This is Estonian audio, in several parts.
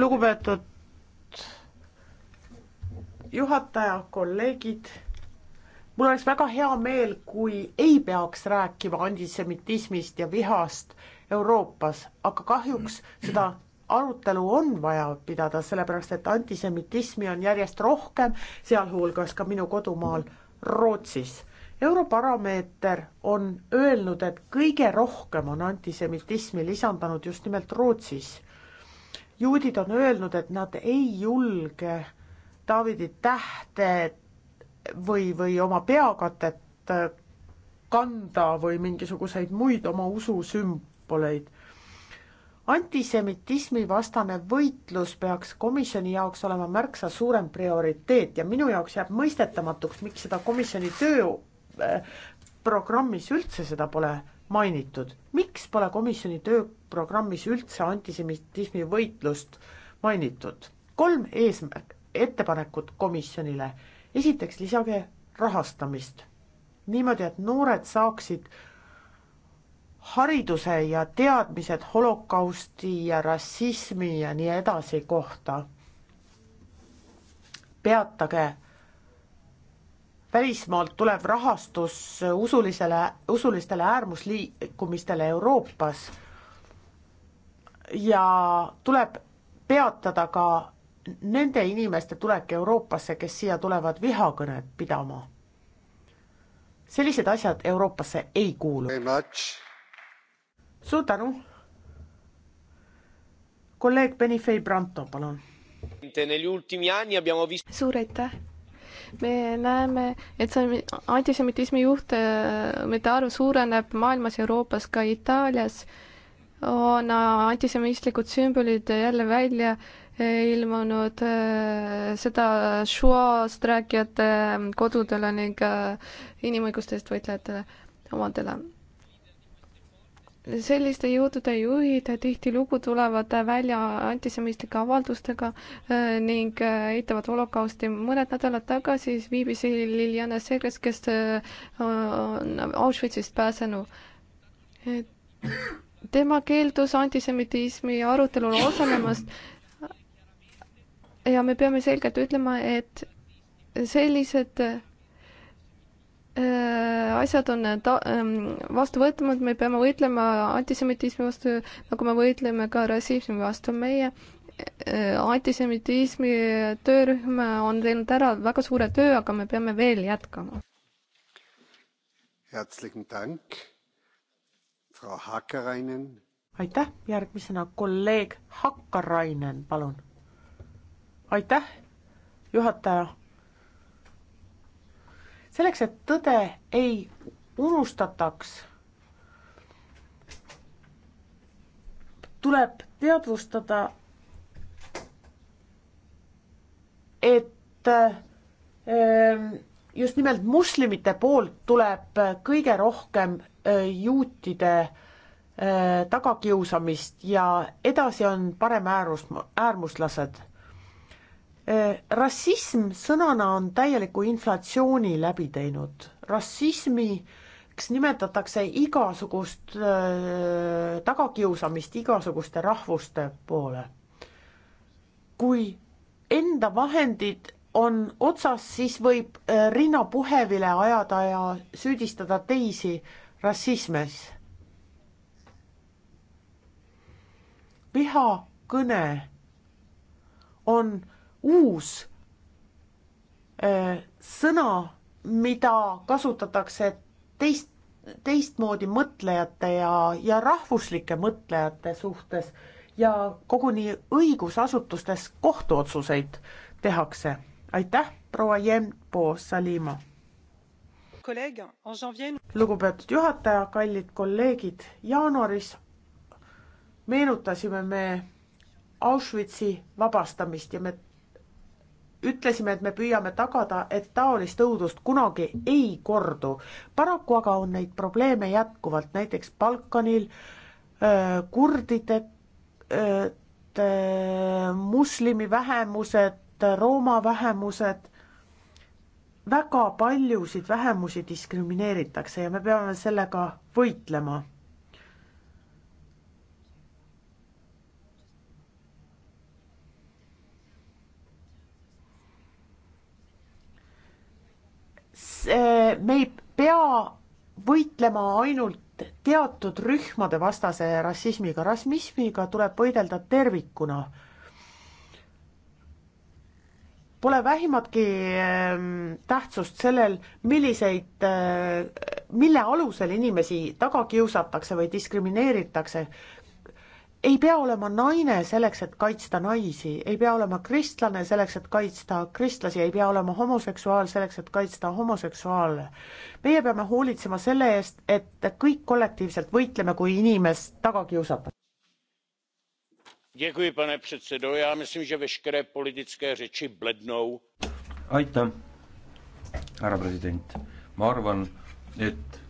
lugupeetud juhataja, kolleegid, mul oleks väga hea meel, kui ei peaks rääkima antisemitismist ja vihast Euroopas, aga kahjuks seda arutelu on vaja pidada, sellepärast et antisemitismi on järjest rohkem, sealhulgas ka minu kodumaal Rootsis. Europarameeter on öelnud, et kõige rohkem on antisemitismi lisandunud just nimelt Rootsis juudid on öelnud, et nad ei julge Taavidi tähte või, või oma peakatet äh, kanda või mingisuguseid muid oma ususümboleid. antisemitismi vastane võitlus peaks komisjoni jaoks olema märksa suurem prioriteet ja minu jaoks jääb mõistetamatuks, miks seda komisjoni tööprogrammis äh, üldse seda pole mainitud. miks pole komisjoni töö programmis üldse antisemitismi võitlust mainitud. kolm eesmärk, ettepanekut komisjonile. esiteks lisage rahastamist niimoodi, et noored saaksid hariduse ja teadmised holokausti ja rassismi ja nii edasi kohta. peatage välismaalt tulev rahastus usulisele, usulistele äärmusliikumistele Euroopas ja tuleb peatada ka nende inimeste tulek Euroopasse, kes siia tulevad vihakõnet pidama. sellised asjad Euroopasse ei kuulu. suur tänu. kolleeg Benifei Branto, palun. suur aitäh me näeme, et see antisemitismi juhtumite äh, arv suureneb maailmas, Euroopas, ka Itaalias on äh, antisemitistlikud sümbolid jälle välja äh, ilmunud äh, seda šuast rääkijate ähm, kodudele ning inimõiguste eest võitlejatele omadele. selliste jõudude juhid tihtilugu tulevad välja antisemistlike avaldustega ning eitavad holokausti. mõned nädalad tagasi viibis Liliana Segres, kes on Auschwitzist pääsenu. et tema keeldus antisemitismi arutelul osalemast ja me peame selgelt ütlema, et sellised äh, asjad on ta-, ähm, vastu võtmata, me peame võitlema antisemitismi vastu, nagu me võitleme ka rassismi vastu. meie äh, antisemitismi töörühm on teinud ära väga suure töö, aga me peame veel jätkama. herzlichen Dank aitäh, järgmisena kolleeg Hakkarainen, palun. aitäh, juhataja. selleks, et tõde ei unustataks, tuleb teadvustada, et äh, just nimelt moslemite poolt tuleb kõige rohkem juutide tagakiusamist ja edasi on parem äärmus, äärmuslased. rassism sõnana on täieliku inflatsiooni läbi teinud. rassismiks nimetatakse igasugust tagakiusamist igasuguste rahvuste poole. kui enda vahendid on otsas, siis võib äh, rinna puhevile ajada ja süüdistada teisi rassismis. vihakõne on uus öö, äh, sõna, mida kasutatakse teist, teistmoodi mõtlejate ja, ja rahvuslike mõtlejate suhtes ja koguni õigusasutustes kohtuotsuseid tehakse aitäh, proua Jempo Salimo. lugupeetud juhataja, kallid kolleegid, jaanuaris meenutasime me Auschwitzi vabastamist ja me ütlesime, et me püüame tagada, et taolist õudust kunagi ei kordu. paraku aga on neid probleeme jätkuvalt, näiteks Balkanil kurdide, muslimi vähemused, Rooma vähemused, väga paljusid vähemusi diskrimineeritakse ja me peame sellega võitlema. see, me ei pea võitlema ainult teatud rühmade vastase rassismiga, rassismiga tuleb võidelda tervikuna Pole vähimatki ehm, tähtsust sellel, milliseid, ehm, mille alusel inimesi taga kiusatakse või diskrimineeritakse. ei pea olema naine selleks, et kaitsta naisi, ei pea olema kristlane selleks, et kaitsta kristlasi, ei pea olema homoseksuaal selleks, et kaitsta homoseksuaale. meie peame hoolitsema selle eest, et kõik kollektiivselt võitleme, kui inimest taga kiusatakse pane předsedající já myslím že veškeré politické řeči blednou. aitäh härra president! ma arvan et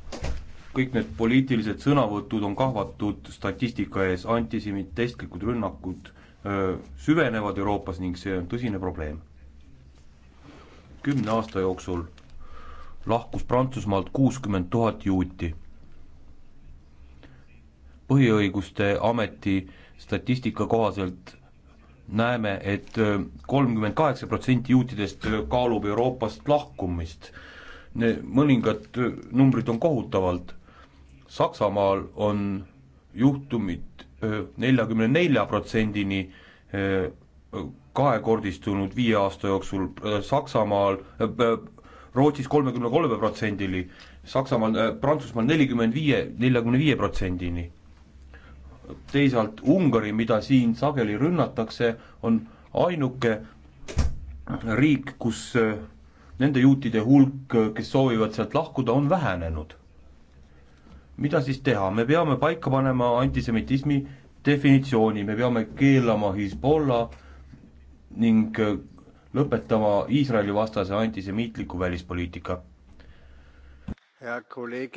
kõik need poliitilised sõnavõtud on kahvatud statistika ees, antisemitistlikud rünnakud öö, süvenevad Euroopas ning see on tõsine probleem. kümne aasta jooksul lahkus Prantsusmaalt kuuskümmend tuhat juuti. põhiõiguste ameti statistika kohaselt näeme et, et kolmkümmend kaheksa protsenti juutidest kaalub Euroopast lahkumist. mõningad numbrid on kohutavalt. Saksamaal on juhtumid neljakümne nelja protsendini kahekordistunud viie aasta jooksul, Saksamaal, Rootsis kolmekümne kolme protsendini, Saksamaal, Prantsusmaal nelikümmend viie, neljakümne viie protsendini teisalt Ungari, mida siin sageli rünnatakse, on ainuke riik, kus äh, nende juutide hulk, äh, kes soovivad sealt lahkuda, on vähenenud. mida siis teha, me peame paika panema antisemitismi definitsiooni, me peame keelama Hezbollah ning äh, lõpetama Iisraeli vastase antisemiitliku välispoliitika. hea kolleeg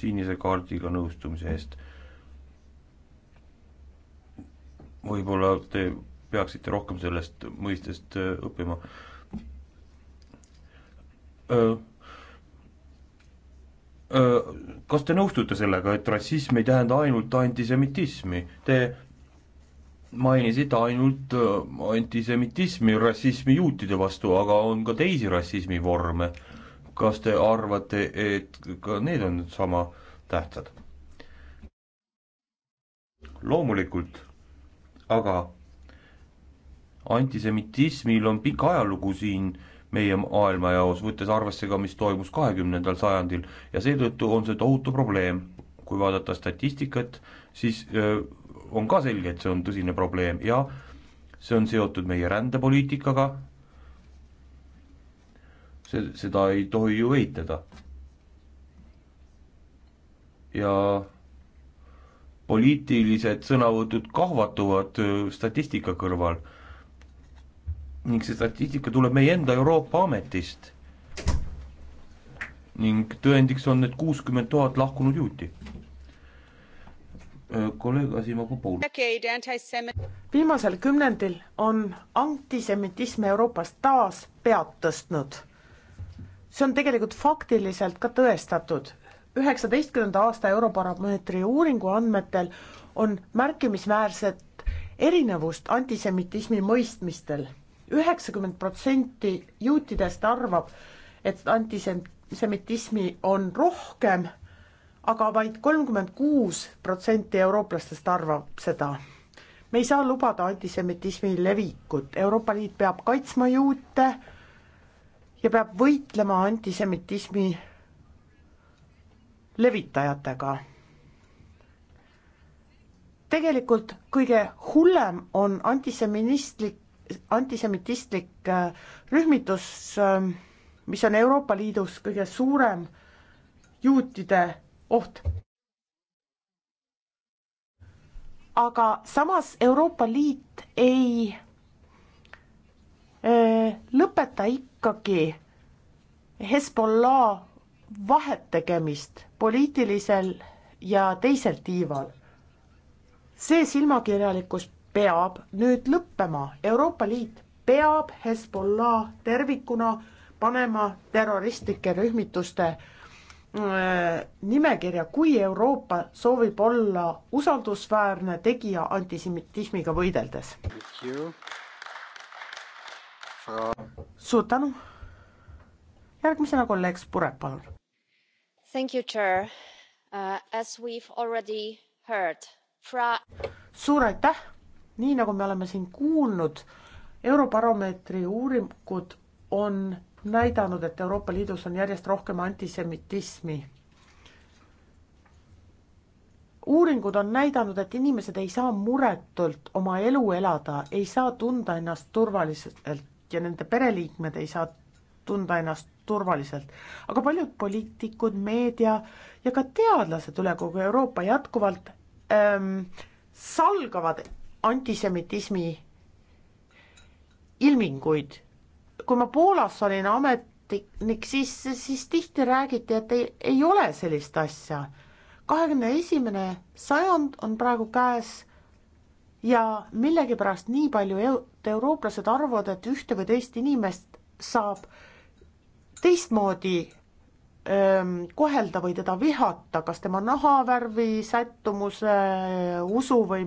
sinise kaardiga nõustumise eest. võib-olla te peaksite rohkem sellest mõistest äh, õppima. Äh, äh, kas te nõustute sellega, et rassism ei tähenda ainult antisemitismi? Te mainisite ainult antisemitismi, rassismi juutide vastu, aga on ka teisi rassismi vorme äh, kas te arvate, et ka need on sama tähtsad? loomulikult, aga antisemitismil on pikk ajalugu siin meie maailmajaos, võttes arvesse ka, mis toimus kahekümnendal sajandil ja seetõttu on see tohutu probleem. kui vaadata statistikat, siis öö, äh, on ka selge, et see on tõsine probleem ja see on seotud meie rändepoliitikaga, see, seda ei tohi ju eitada. ja poliitilised sõnavõtud kahvatuvad äh, statistika kõrval ning see statistika tuleb meie enda Euroopa Ametist. ning tõendiks on need kuuskümmend tuhat lahkunud juuti. Äh, kolleeg Asimovopoulos. viimasel kümnendil on antisemitism Euroopas taas pead tõstnud see on tegelikult faktiliselt ka tõestatud. üheksateistkümnenda aasta Eurobaromeetri uuringu andmetel on märkimisväärset erinevust antisemitismi mõistmistel. üheksakümmend protsenti juutidest arvab, et antisemitismi on rohkem, aga vaid kolmkümmend kuus protsenti eurooplastest arvab seda me ei saa lubada antisemitismi levikut, Euroopa Liit peab kaitsma juute, ja peab võitlema antisemitismi levitajatega. tegelikult kõige hullem on antiseministlik, antisemitistlik äh, rühmitus, äh, mis on Euroopa Liidus kõige suurem juutide oht. aga samas Euroopa Liit ei äh, lõpeta ikka ikkagi Hezbollah vahet tegemist poliitilisel ja teisel tiival. see silmakirjalikkus peab nüüd lõppema, Euroopa Liit peab Hezbollah tervikuna panema terroristlike rühmituste äh, nimekirja, kui Euroopa soovib olla usaldusväärne tegija antisemitismiga võideldes suur tänu. järgmisena kolleeg Spurek, palun. Thank you, chair uh,. As we have already heard fra.... suur aitäh. nii nagu me oleme siin kuulnud, Eurobaromeetri uuringud on näidanud, et Euroopa Liidus on järjest rohkem antisemitismi. uuringud on näidanud, et inimesed ei saa muretult oma elu elada, ei saa tunda ennast turvaliselt ja nende pereliikmed ei saa tunda ennast turvaliselt. aga paljud poliitikud, meedia ja ka teadlased üle kogu Euroopa jätkuvalt ähm, salgavad antisemitismi ilminguid. kui ma Poolas olin ametnik, siis, siis tihti räägiti, et ei, ei ole sellist asja. kahekümne esimene sajand on praegu käes ja millegipärast nii palju eurooplased arvavad, et ühte või teist inimest saab teistmoodi öö, kohelda või teda vihata, kas tema nahavärvi, sättumuse, usu või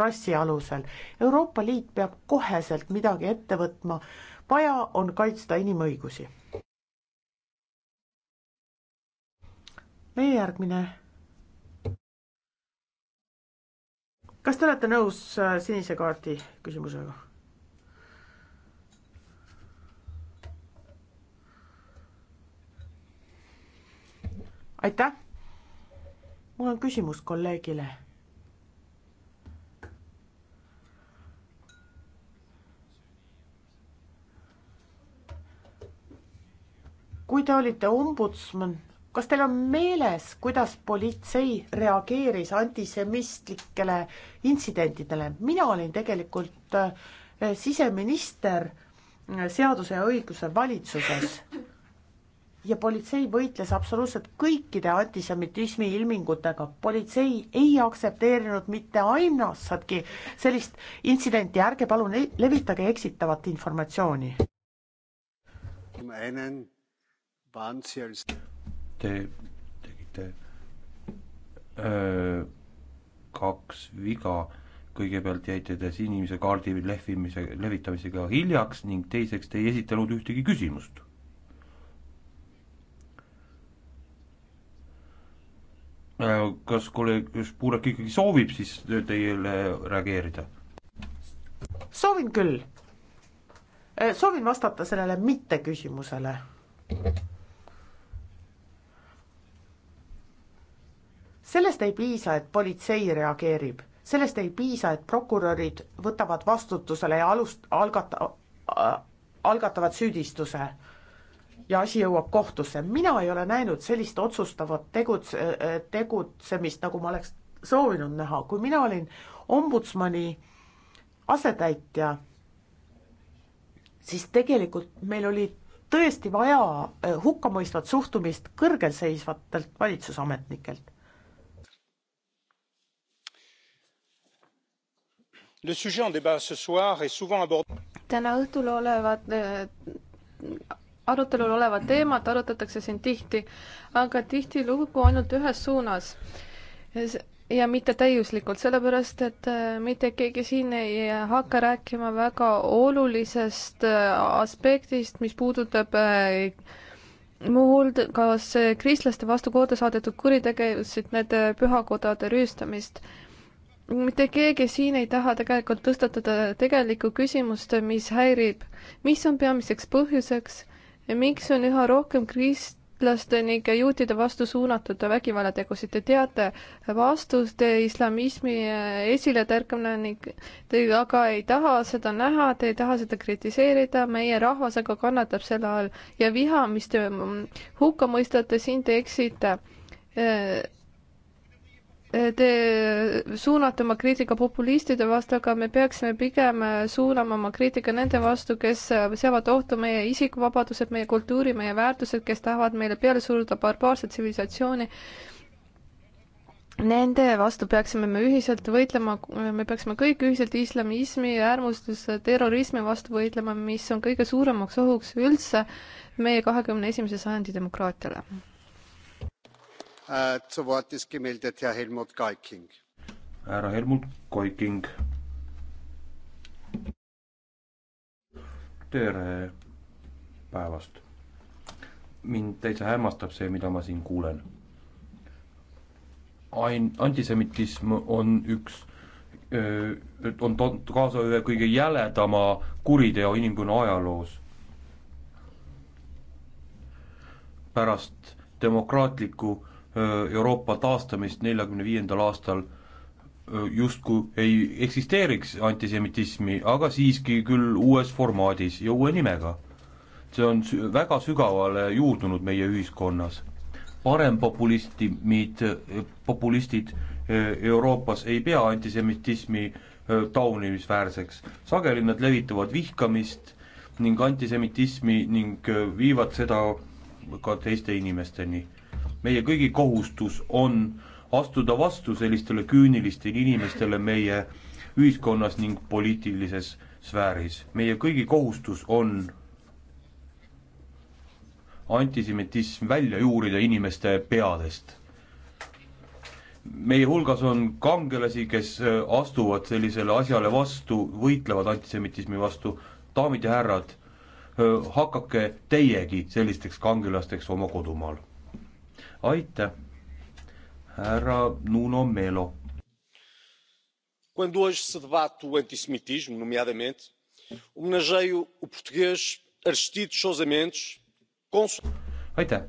rassi alusel. Euroopa Liit peab koheselt midagi ette võtma, vaja on kaitsta inimõigusi. meie järgmine kas te olete nõus äh, sinise kaardi küsimusega? aitäh. mul on küsimus kolleegile. kui te olite ombudsman kas teil on meeles, kuidas politsei reageeris antisemistlikele intsidentidele? mina olin tegelikult eh, siseminister eh, seaduse ja õiguse valitsuses ja politsei võitles absoluutselt kõikide antisemitismi ilmingutega. politsei ei aktsepteerinud mitte ainsatki sellist intsidenti, ärge palun levitage eksitavat informatsiooni. Te tegite öö, kaks viga, kõigepealt jäite te sinise kaardi lehvimise, levitamisega hiljaks ning teiseks te ei esitanud ühtegi küsimust kas kolleeg Spurek ikkagi soovib siis teile reageerida? soovin küll. soovin vastata sellele mitteküsimusele. sellest ei piisa, et politsei reageerib, sellest ei piisa, et prokurörid võtavad vastutusele ja alust-, algata- äh,, algatavad süüdistuse ja asi jõuab kohtusse. mina ei ole näinud sellist otsustavat tegutse, tegutsemist, nagu ma oleks soovinud näha, kui mina olin ombudsmani asetäitja, siis tegelikult meil oli tõesti vaja eh, hukkamõistvat suhtumist kõrgelseisvatelt valitsusametnikelt. täna õhtul olevat äh, arutelul olevat teemat arutatakse siin tihti, aga tihtilugu ainult ühes suunas. ja mitte täiuslikult, sellepärast et äh, mitte keegi siin ei hakka rääkima väga olulisest äh, aspektist, mis puudutab muuhulgas kristlaste vastu korda saadetud kuritegevusid, nende pühakodade rüüstamist mitte keegi siin ei taha tegelikult tõstatada tegelikku küsimust, mis häirib, mis on peamiseks põhjuseks, miks on üha rohkem kristlaste ning juutide vastu suunatud vägivallategusid. Te teate vastust islamismi esiletärkamine ning te aga ei taha seda näha, te ei taha seda kritiseerida, meie rahvas aga kannatab selle all ja viha, mis te hukka mõistate, siin te eksite Te suunate oma kriitika populistide vastu, aga me peaksime pigem suunama oma kriitika nende vastu, kes seavad ohtu meie isikuvabadused, meie kultuuri, meie väärtused, kes tahavad meile peale suruda barbaarset tsivilisatsiooni Nende vastu peaksime me ühiselt võitlema, me peaksime kõik ühiselt islamismi, äärmustuse, terrorismi vastu võitlema, mis on kõige suuremaks ohuks üldse meie kahekümne esimese sajandi demokraatiale. Äh, zu Wort ist gemeldet Herr Helmut Galking. härra Helmut Koiking. tere päevast. mind täitsa hämmastab see, mida ma siin kuulen. Ain-, antisemitism on üks, on toonud kaasa ühe kõige jäledama kuriteo inimkonna ajaloos. pärast demokraatlikku Euroopa taastamist neljakümne viiendal aastal justkui ei eksisteeriks antisemitismi, aga siiski küll uues formaadis ja uue nimega. see on väga sügavale juurdunud meie ühiskonnas. parempopulistimid, populistid Euroopas ei pea antisemitismi taunimisväärseks, sageli nad levitavad vihkamist ning antisemitismi ning viivad seda ka teiste inimesteni meie kõigi kohustus on astuda vastu sellistele küünilistele inimestele meie ühiskonnas ning poliitilises sfääris. meie kõigi kohustus on antisemitism välja juurida inimeste peadest. meie hulgas on kangelasi, kes äh, astuvad sellisele asjale vastu, võitlevad antisemitismi vastu. daamid ja härrad, äh, hakake teiegi sellisteks kangelasteks oma kodumaal aitäh, härra Nuno Melo. Quando hoje se debate o antissemitismo, nomeadamente, homenageio o português Aristides Sousa Mendes, consul... aitäh.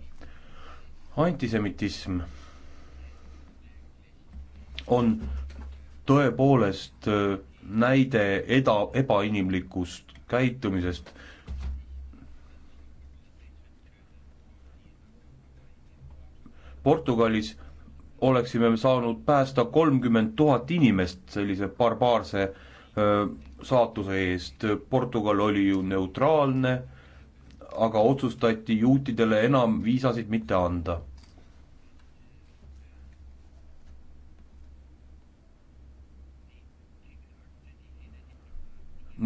antisemitism on tõepoolest äh, näide eda, ebainimlikust käitumisest Portugalis oleksime me saanud päästa kolmkümmend tuhat inimest sellise barbaarse öö, saatuse eest, Portugal oli ju neutraalne, aga otsustati juutidele enam viisasid mitte anda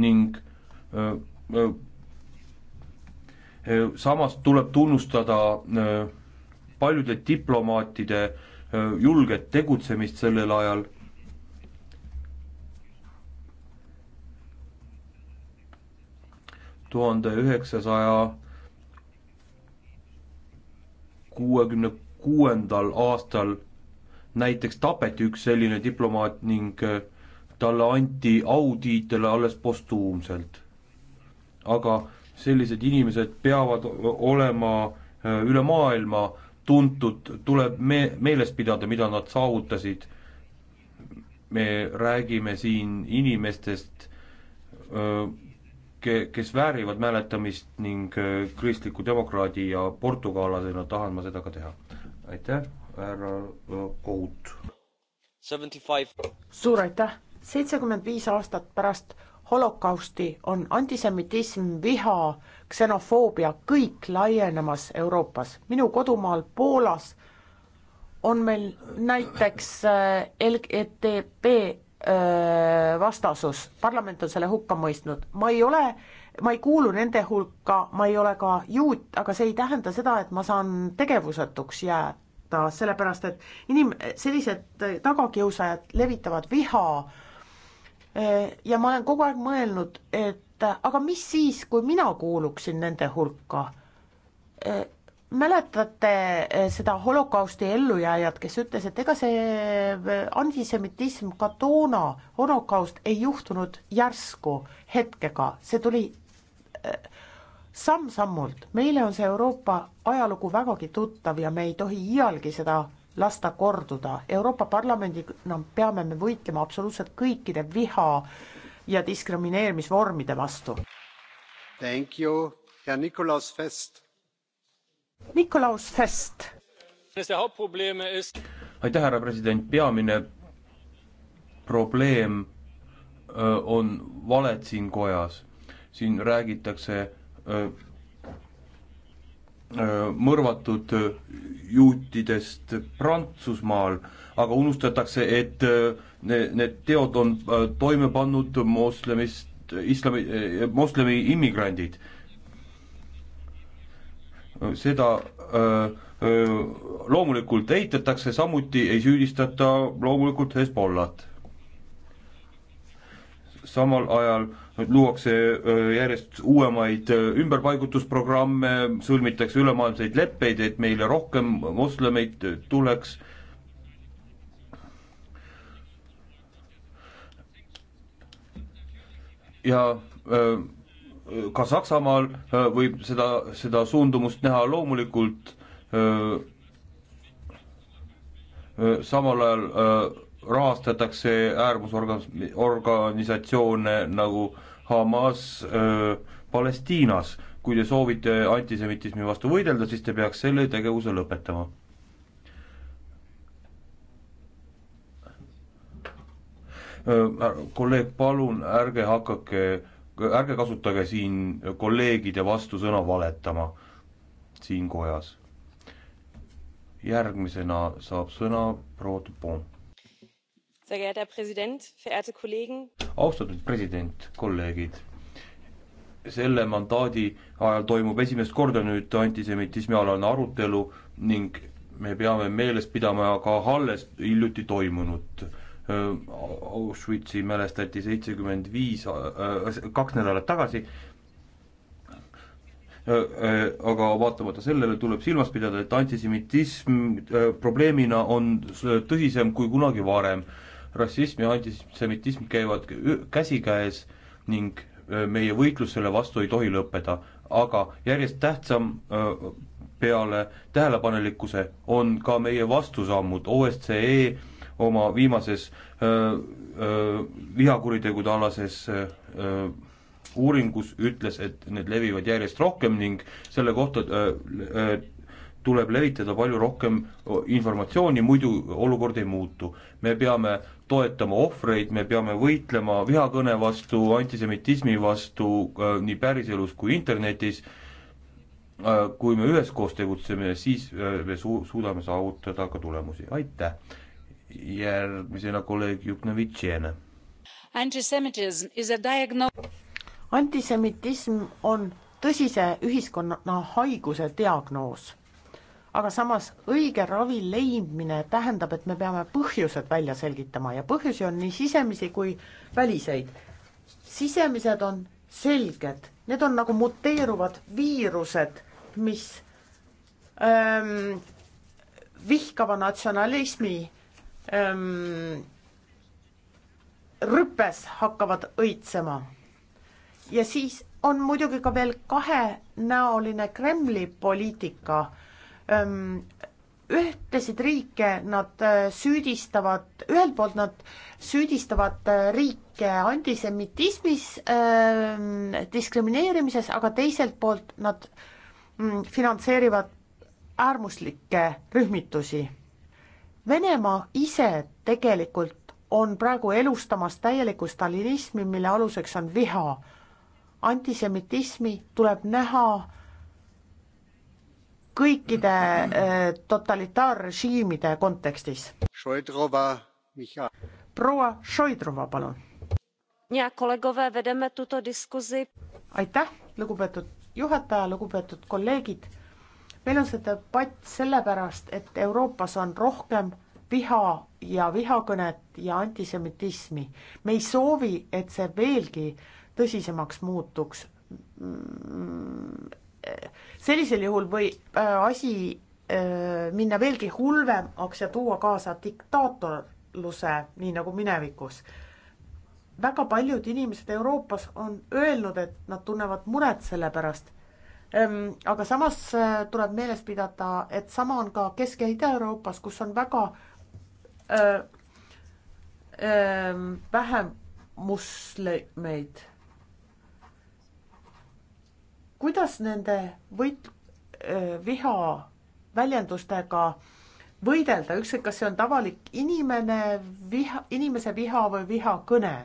ning öö, öö, samas tuleb tunnustada öö, paljude diplomaatide julget tegutsemist sellel ajal. tuhande üheksasaja kuuekümne kuuendal aastal näiteks tapeti üks selline diplomaat ning talle anti autiitel alles postuumselt. aga sellised inimesed peavad olema üle maailma äh, tuntud, tuleb me, meeles pidada, mida nad saavutasid. me räägime siin inimestest, ke-, kes väärivad mäletamist ning kristliku demokraadi ja portugallasena tahan ma seda ka teha. aitäh, härra Kohut! suur aitäh! seitsekümmend viis aastat pärast holokausti, on antisemitism, viha, ksenofoobia, kõik laienemas Euroopas. minu kodumaal Poolas on meil näiteks äh, LGTB äh, vastasus, parlament on selle hukka mõistnud, ma ei ole, ma ei kuulu nende hulka, ma ei ole ka juut, aga see ei tähenda seda, et ma saan tegevusetuks jääda, sellepärast et inim-, sellised tagakiusajad levitavad viha äh, ja ma olen kogu aeg mõelnud, et aga mis siis, kui mina kuuluksin nende hulka? E, mäletate e, seda holokausti ellujääjat, kes ütles, et ega see antisemitism, ka toona holokaust ei juhtunud järsku hetkega, see tuli e, samm-sammult, meile on see Euroopa ajalugu vägagi tuttav ja me ei tohi iialgi seda lasta korduda. Euroopa Parlamendina peame me võitlema absoluutselt kõikide viha ja diskrimineerimisvormide vastu. Thank you ja Nikolaus Fest. Nikolaus Fest. aitäh, härra president, peamine probleem äh, on valed siin kojas. siin räägitakse öö, äh, Äh, mõrvatud äh, juutidest Prantsusmaal, aga unustatakse, et äh, need, need teod on toime pannud moslemist, islami, moslemi immigrandid. seda öö, öö, loomulikult eitatakse, samuti ei süüdistata loomulikult Hezbollat samal ajal luuakse järjest uuemaid ümberpaigutusprogramme, sõlmitakse ülemaailmseid leppeid, et meile rohkem moslemeid tuleks. ja ka Saksamaal võib seda, seda suundumust näha loomulikult samal ajal rahastatakse äärmusorganisatsioone nagu Hamas öö, Palestiinas. kui te soovite antisemitismi vastu võidelda, siis te peaks selle tegevuse lõpetama. kolleeg, palun ärge hakake, ärge kasutage siin kolleegide vastusõna valetama siin kojas. järgmisena saab sõna proua Dupont austatud president, kolleegid. selle mandaadi ajal toimub esimest korda nüüd antisemitismialane arutelu ning me peame meeles pidama ka alles hiljuti toimunut Auschwitzi mälestati seitsekümmend viis, äh, kaks nädalat tagasi. Äh, äh, aga vaatamata sellele tuleb silmas pidada, et antisemitism probleemina on tõsisem kui kunagi varem rassism ja antisemitism käivad käsikäes ning meie võitlus selle vastu ei tohi lõppeda, aga järjest tähtsam peale tähelepanelikkuse on ka meie vastusammud, OSCE oma viimases vihakuritegude alases öö, uuringus ütles, et need levivad järjest rohkem ning selle kohta öö, tuleb levitada palju rohkem informatsiooni, muidu olukord ei muutu. me peame toetama ohvreid, me peame võitlema vihakõne vastu, antisemitismi vastu äh, nii päriselus kui internetis, äh, kui me üheskoos tegutseme, siis äh, me su-, suudame saavutada ka tulemusi, aitäh. järgmisena kolleeg Juknevitšene. Antisemitism is a diagno-. antisemitism on tõsise ühiskonna haiguse diagnoos aga samas õige ravi leidmine tähendab, et me peame põhjused välja selgitama ja põhjusi on nii sisemisi kui väliseid. sisemised on selged, need on nagu muteeruvad viirused, mis ähm, vihkava natsionalismi ähm, rüpes hakkavad õitsema. ja siis on muidugi ka veel kahenäoline Kremli poliitika äh, ühtesid riike nad äh, süüdistavad, ühelt poolt nad süüdistavad äh, riike antisemitismis, ähm, diskrimineerimises, aga teiselt poolt nad mm, finantseerivad äärmuslikke rühmitusi. Venemaa ise tegelikult on praegu elustamas täielikku stalinismi, mille aluseks on viha. antisemitismi tuleb näha kõikide äh, totalitaarrežiimide kontekstis. proua Šoidrova, palun. aitäh, lugupeetud juhataja, lugupeetud kolleegid. meil on see debatt sellepärast, et Euroopas on rohkem viha ja vihakõnet ja antisemitismi. me ei soovi, et see veelgi tõsisemaks muutuks mm, sellisel juhul võib äh, asi äh, minna veelgi hullemaks ja tuua kaasa diktaatorluse, nii nagu minevikus. väga paljud inimesed Euroopas on öelnud, et nad tunnevad muret selle pärast. Ehm, aga samas äh, tuleb meeles pidada, et sama on ka Kesk- ja Ida-Euroopas, kus on väga öö, öö, ehm, vähe muslimeid kuidas nende võit-, äh, viha väljendustega võidelda, ükskõik, kas see on tavalik inimene, viha, inimese viha või vihakõne.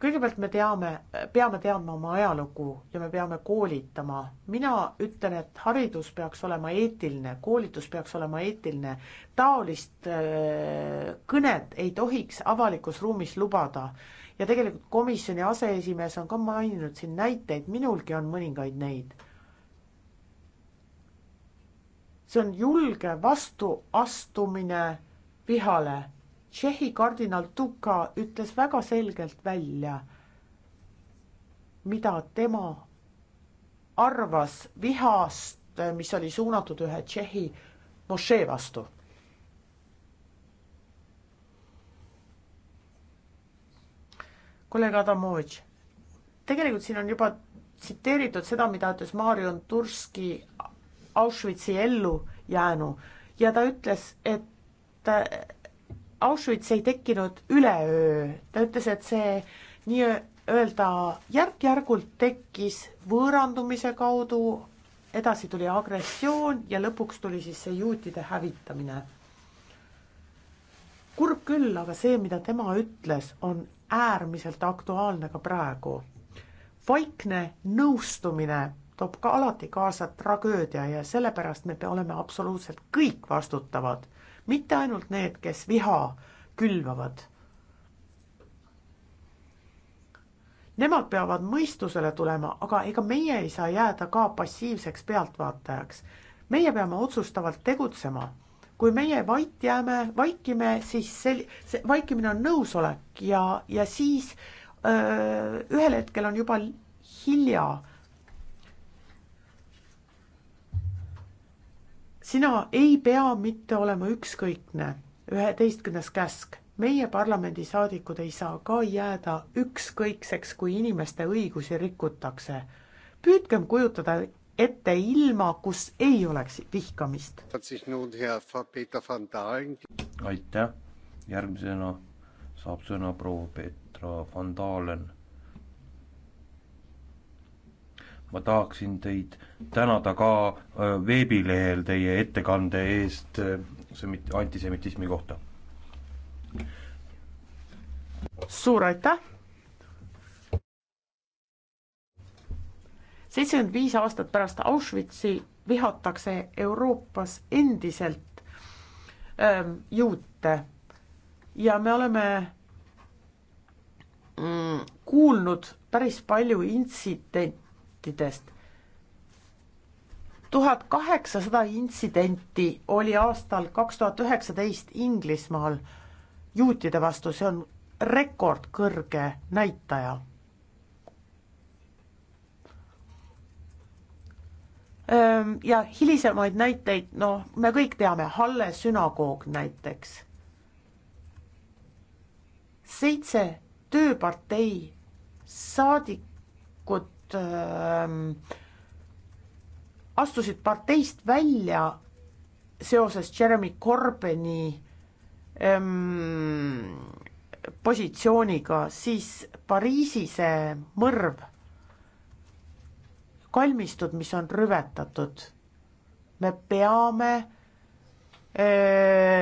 kõigepealt me teame, peame teadma oma ajalugu ja me peame koolitama. mina ütlen, et haridus peaks olema eetiline, koolitus peaks olema eetiline. taolist äh, kõnet ei tohiks avalikus ruumis lubada ja tegelikult komisjoni aseesimees on ka maininud siin näiteid, minulgi on mõningaid neid. see on julge vastuastumine vihale. Tšehhi kardinal Tuka ütles väga selgelt välja, mida tema arvas vihast, mis oli suunatud ühe Tšehhi mošee vastu kolleeg Adamovitš, tegelikult siin on juba tsiteeritud seda, mida ütles Marion Turski Auschwitzi ellujäänu ja ta ütles, et äh, Auschwitz ei tekkinud üleöö, ta ütles, et see nii-öelda järk-järgult tekkis võõrandumise kaudu, edasi tuli agressioon ja lõpuks tuli siis see juutide hävitamine. kurb küll, aga see, mida tema ütles, on äärmiselt aktuaalne ka praegu. vaikne nõustumine toob ka alati kaasa tragöödia ja sellepärast me oleme absoluutselt kõik vastutavad, mitte ainult need, kes viha külvavad. Nemad peavad mõistusele tulema, aga ega meie ei saa jääda ka passiivseks pealtvaatajaks. meie peame otsustavalt tegutsema kui meie vait jääme, vaikime, siis sel-, see vaikimine on nõusolek ja, ja siis öö, ühel hetkel on juba hilja. sina ei pea mitte olema ükskõikne, üheteistkümnes käsk. meie parlamendisaadikud ei saa ka jääda ükskõikseks, kui inimeste õigusi rikutakse. püüdkem kujutada ette ilma, kus ei oleks vihkamist. aitäh, järgmisena saab sõna proua Petra van Dalen. ma tahaksin teid tänada ka äh, veebilehel teie ettekande eest äh, antisemitismi kohta. suur aitäh seitsekümmend viis aastat pärast Auschwitzi vihatakse Euroopas endiselt ähm, juute ja me oleme mm, kuulnud päris palju intsidentidest. tuhat kaheksasada intsidenti oli aastal kaks tuhat üheksateist Inglismaal juutide vastu, see on rekordkõrge näitaja ja hilisemaid näiteid, noh, me kõik teame, Halle sünagoog näiteks. seitse tööpartei saadikut öö, astusid parteist välja seoses Jeremy Corbyni positsiooniga, siis Pariisi see mõrv kalmistud, mis on rüvetatud. me peame öö,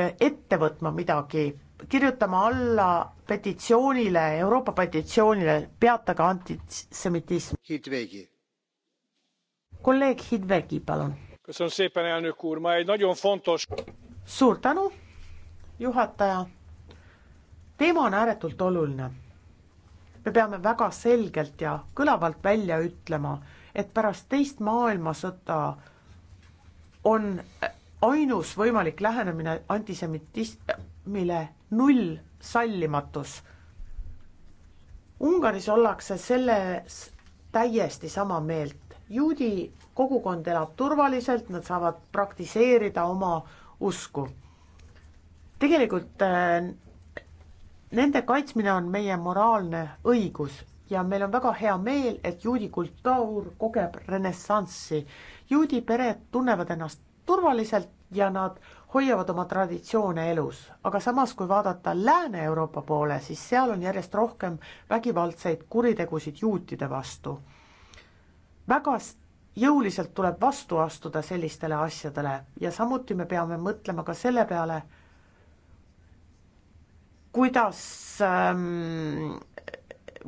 äh, ette võtma midagi, kirjutama alla petitsioonile, Euroopa petitsioonile, peatage antisemitism. Hidvegi. kolleeg Hidvegi, palun. suur tänu, juhataja. teema on ääretult oluline me peame väga selgelt ja kõlavalt välja ütlema, et pärast teist maailmasõda on ainus võimalik lähenemine antisemitismile null sallimatus. Ungaris ollakse selles täiesti sama meelt. juudi kogukond elab turvaliselt, nad saavad praktiseerida oma usku. tegelikult äh, nende kaitsmine on meie moraalne õigus ja meil on väga hea meel, et juudi kultuur kogeb renessanssi. juudi pered tunnevad ennast turvaliselt ja nad hoiavad oma traditsioone elus, aga samas, kui vaadata Lääne-Euroopa poole, siis seal on järjest rohkem vägivaldseid kuritegusid juutide vastu. väga jõuliselt tuleb vastu astuda sellistele asjadele ja samuti me peame mõtlema ka selle peale, kuidas ähm,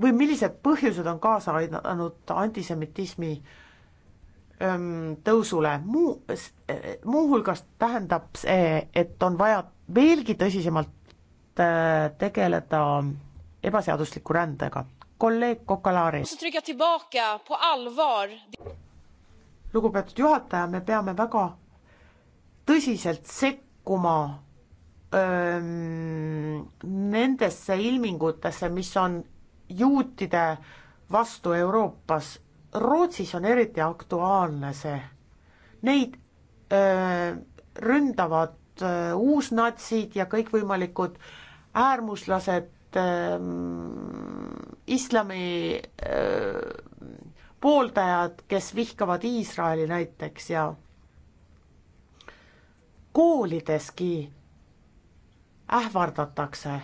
või millised põhjused on kaasa aidanud antisemitismi tõusule, muu, muuhulgas tähendab see, et on vaja veelgi tõsisemalt äh, tegeleda ebaseadusliku rändega. kolleeg Kokalari. lugupeetud juhataja, me peame väga tõsiselt sekkuma öö, nendesse ilmingutesse, mis on juutide vastu Euroopas. Rootsis on eriti aktuaalne see. Neid öö, äh, ründavad öö, äh, uusnatsid ja kõikvõimalikud äärmuslased öö, ähm, islami öö, äh, pooldajad, kes vihkavad Iisraeli näiteks ja koolideski ähvardatakse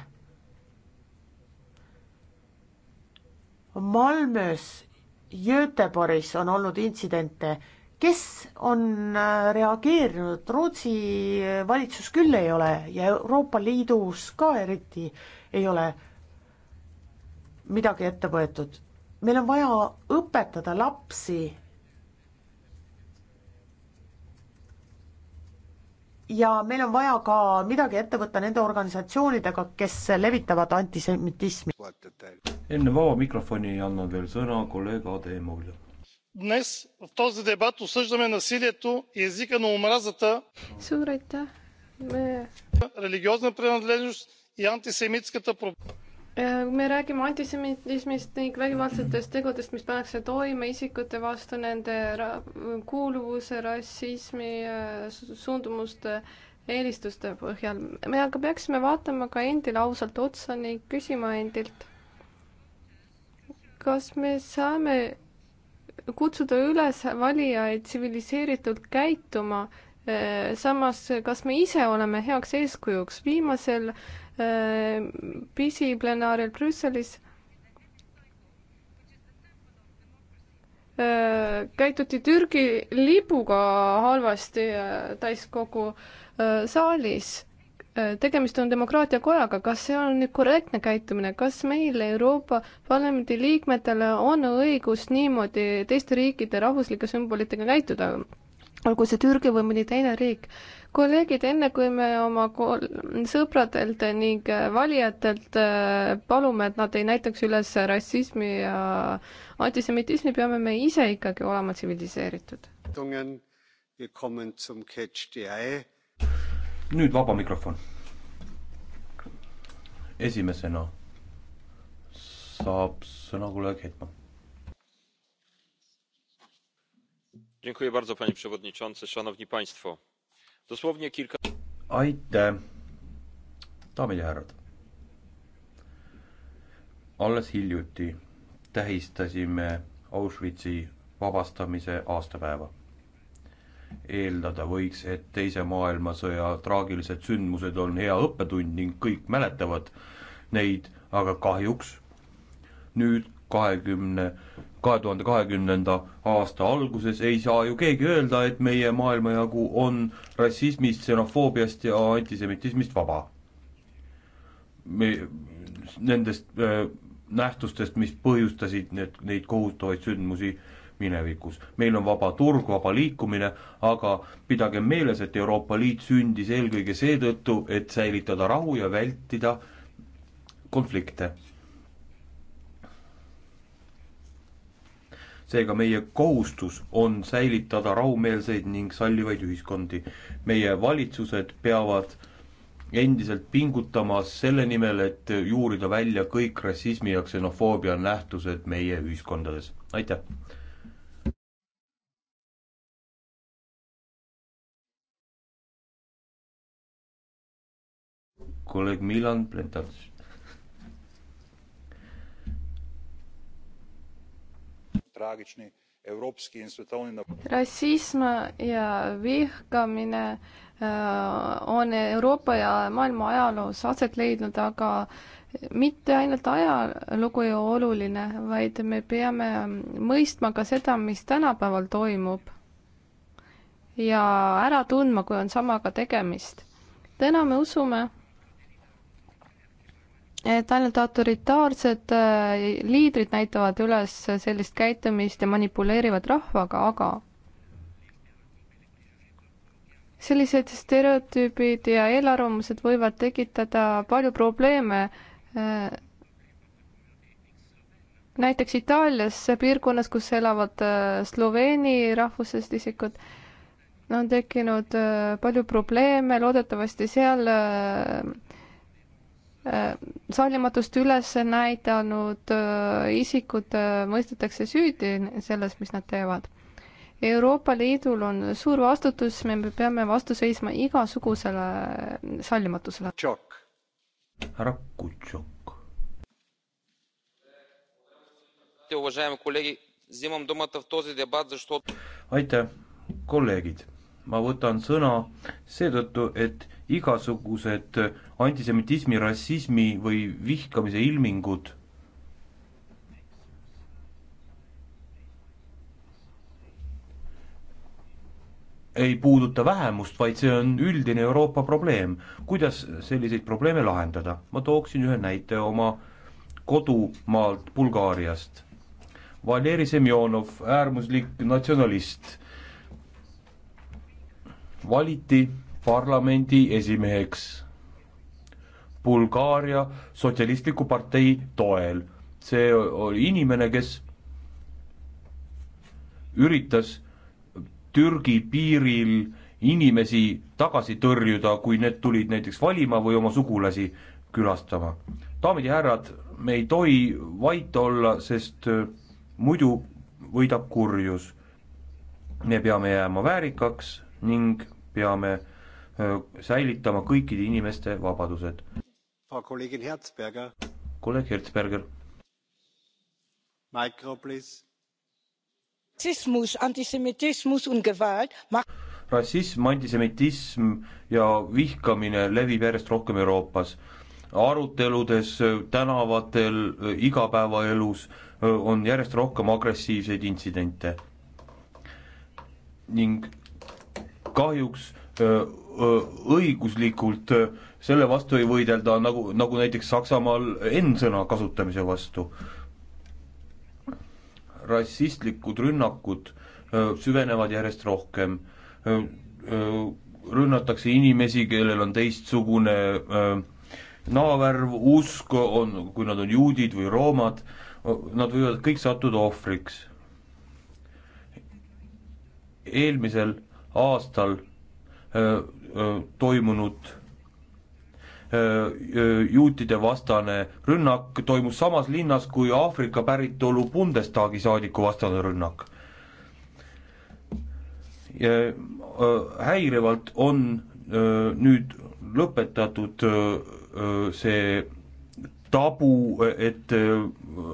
Malmös, Göteborgis on olnud intsidente, kes on äh, reageerinud, Rootsi äh, valitsus küll ei ole ja Euroopa Liidus ka eriti ei ole midagi ette võetud. meil on vaja õpetada lapsi ja meil on vaja ka midagi ette võtta nende organisatsioonidega, kes levitavad antisemitismi. enne vaba mikrofoni annan veel sõna kolleeg Ade Emolile. Днес в този дебат осъждаме насилието и езика на омразата, религиозна принадлежност и антисемитската пропаганда me räägime antisemitismist ning vägivaldsetest tegudest, mis pannakse toime isikute vastu nende ra-, kuuluvuse, rassismi, suundumuste, eelistuste põhjal. me aga peaksime vaatama ka endile ausalt otsa ning küsima endilt, kas me saame kutsuda üles valijaid tsiviliseeritult käituma, eh, samas kas me ise oleme heaks eeskujuks, viimasel äh, Äh, pisiplenaaril Brüsselis äh, käituti Türgi lipuga halvasti äh, täiskogu saalis tegemist on demokraatiakojaga, kas see on nüüd korrektne käitumine, kas meil Euroopa Parlamendi liikmetele on õigus niimoodi teiste riikide rahvuslike sümbolitega käituda? olgu see Türgi või mõni teine riik kolleegid, enne kui me oma kol-, sõpradelt ning valijatelt äh, palume, et nad ei näitaks üles rassismi ja antisemitismi, peame me ise ikkagi olema tsiviliseeritud. nüüd vaba mikrofon. esimesena saab sõna kolleeg Hetman panie przewodniczący! szanowni państwo! aitäh, daamid ja härrad. alles hiljuti tähistasime Auschwitzi vabastamise aastapäeva. eeldada võiks, et Teise maailmasõja traagilised sündmused on hea õppetund ning kõik mäletavad neid, aga kahjuks nüüd kahekümne kahe tuhande kahekümnenda aasta alguses, ei saa ju keegi öelda, et meie maailmajagu on rassismist, ksenofoobiast ja antisemitismist vaba. me, nendest äh, nähtustest, mis põhjustasid need, neid kohutavaid sündmusi minevikus. meil on vaba turg, vaba liikumine, aga pidagem meeles, et Euroopa Liit sündis eelkõige seetõttu, et säilitada rahu ja vältida konflikte seega meie kohustus on säilitada rahumeelseid ning sallivaid ühiskondi. meie valitsused peavad endiselt pingutama selle nimel, et juurida välja kõik rassismi ja ksenofoobia nähtused meie ühiskondades. aitäh! kolleeg Milan Plentats tragični evropski in svetovni. rassism ja vihkamine eh, on Euroopa ja maailma ajaloos aset leidnud, aga mitte ainult ajalugu ei ole oluline, vaid me peame mm, mõistma ka seda, mis tänapäeval toimub. ja ära tundma, kui on samaga tegemist. täna me usume et ainult autoritaarsed äh, liidrid näitavad üles sellist käitumist ja manipuleerivad rahvaga, aga sellised stereotüübid ja eelarvamused võivad tekitada palju probleeme. Äh, näiteks Itaalias, piirkonnas, kus elavad äh, sloveeni rahvusest isikud, on tekkinud palju probleeme, loodetavasti seal Äh, sallimatust üles näidanud äh, isikud mõistetakse süüdi selles, mis nad teevad. Euroopa Liidul on suur vastutus, me peame vastu seisma igasugusele sallimatusele. härra Kutšok. aitäh, kolleegid ma võtan sõna seetõttu, et igasugused antisemitismi, rassismi või vihkamise ilmingud ei puuduta vähemust, vaid see on üldine Euroopa probleem. kuidas selliseid probleeme lahendada? ma tooksin ühe näite oma kodumaalt Bulgaariast. Valeri Semjonov, äärmuslik natsionalist valiti parlamendi esimeheks Bulgaaria Sotsialistliku Partei toel. see oli inimene, kes üritas Türgi piiril inimesi tagasi tõrjuda, kui need tulid näiteks valima või oma sugulasi külastama. daamid ja härrad, me ei tohi vait olla, sest äh, muidu võidab kurjus. me peame jääma väärikaks ning peame säilitama kõikide inimeste vabadused. kolleeg Herzberger. Mikro, please. Rassismus, Antisemitismus und Gewalt rassism, antisemitism ja vihkamine levib järjest rohkem Euroopas. aruteludes, tänavatel, igapäevaelus on järjest rohkem agressiivseid intsidente. ning kahjuks õiguslikult selle vastu ei võidelda, nagu, nagu näiteks Saksamaal N-sõna kasutamise vastu. rassistlikud rünnakud süvenevad järjest rohkem, rünnatakse inimesi, kellel on teistsugune naavärv, usk, on, kui nad on juudid või roomad, nad võivad kõik sattuda ohvriks. eelmisel aastal öö, öö, toimunud juutide vastane rünnak toimus samas linnas kui Aafrika päritolu Bundestagi saadiku vastane rünnak. häirivalt on öö, nüüd lõpetatud see tabu, et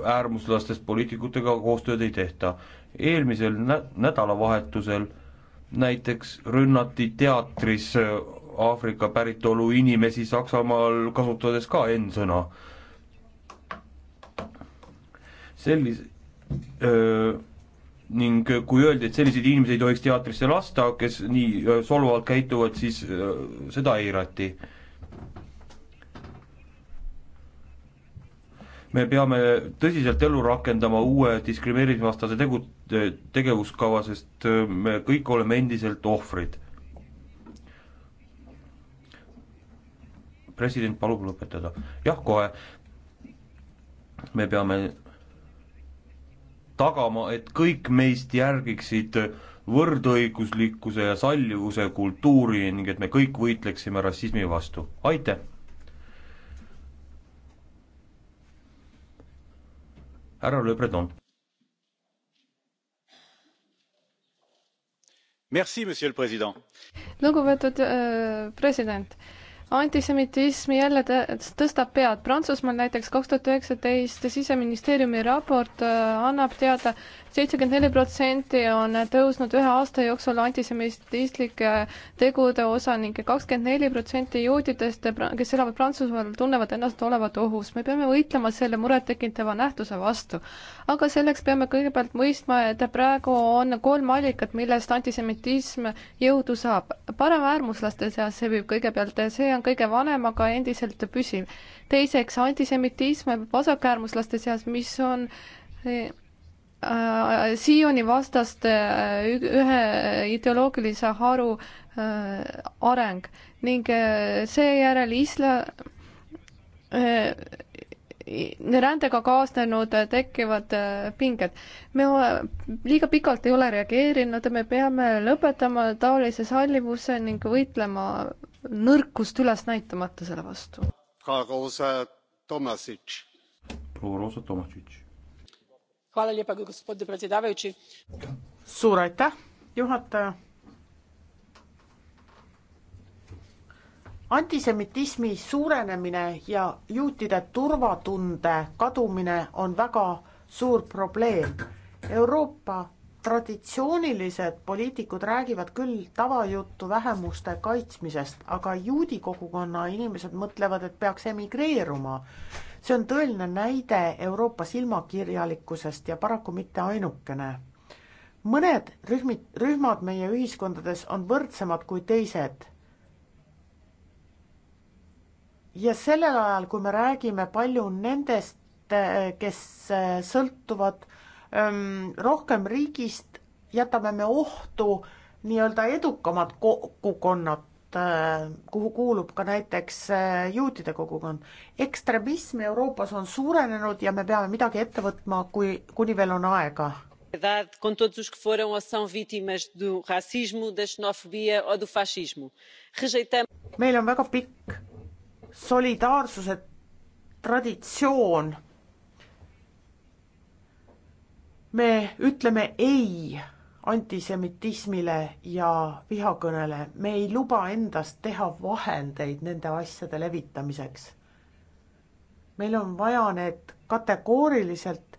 äärmuslastest poliitikutega koostööd ei tehta. eelmisel nä-, nädalavahetusel äh, näiteks rünnati teatris äh, Aafrika päritolu inimesi Saksamaal, kasutades ka N-sõna. sellis- öö, ning kui öeldi, et selliseid inimesi ei tohiks teatrisse lasta, kes nii öö, solvavalt käituvad, siis öö, seda eirati. me peame tõsiselt ellu rakendama uue diskrimineerimisvastase tegu-, Äh, tegevuskava, sest äh, me kõik oleme endiselt ohvrid. president palub lõpetada. jah, kohe. me peame tagama, et kõik meist järgiksid võrdõiguslikkuse ja sallivuse kultuuri ning et me kõik võitleksime rassismi vastu. aitäh! härra Le Breton. lugupeetud äh, president! antisemitismi jälle tõstab pead. Prantsusmaal näiteks kaks tuhat üheksateist siseministeeriumi raport äh, annab teada, seitsekümmend neli protsenti on tõusnud ühe aasta jooksul antisemitistlike tegude osa ning kakskümmend neli protsenti juudidest, äh, kes elavad Prantsusmaal, tunnevad ennast olevat ohus. me peame võitlema selle murettekitava nähtuse vastu. aga selleks peame kõigepealt mõistma, et praegu on kolm allikat, millest antisemitism jõudu saab. paremäärmuslaste seas see viib kõigepealt, see on kõige vanem, aga endiselt püsiv. teiseks, antisemitism vasakäärmuslaste seas, mis on eh, äh, Sioni vastaste eh, ühe ideoloogilise haru äh, areng ning äh, seejärel isla- äh,, rändega kaasnenud tekkivad pinged. me liiga pikalt ei ole reageerinud ja me peame lõpetama taolise sallivuse ning võitlema nõrkust üles näitamata selle vastu. suur aitäh, juhataja. antisemitismi suurenemine ja juutide turvatunde kadumine on väga suur probleem. Euroopa traditsioonilised poliitikud räägivad küll tavajuttu vähemuste kaitsmisest, aga juudi kogukonna inimesed mõtlevad, et peaks emigreeruma. see on tõeline näide Euroopa silmakirjalikkusest ja paraku mitte ainukene. mõned rühmid, rühmad meie ühiskondades on võrdsemad kui teised ja sellel ajal, kui me räägime palju nendest, kes sõltuvad rohkem riigist, jätame me ohtu nii-öelda edukamad kogukonnad, äh, kuhu kuulub ka näiteks äh, juutide kogukond. ekstremism Euroopas on suurenenud ja me peame midagi ette võtma, kui, kuni veel on aega. com todos os que foram ou são vítimas do racismo, da xenofobia ou do fascismo. Rejeitamos... meil on väga pikk solidaarsuse traditsioon me ütleme ei antisemitismile ja vihakõnele, me ei luba endast teha vahendeid nende asjade levitamiseks. meil on vaja need kategooriliselt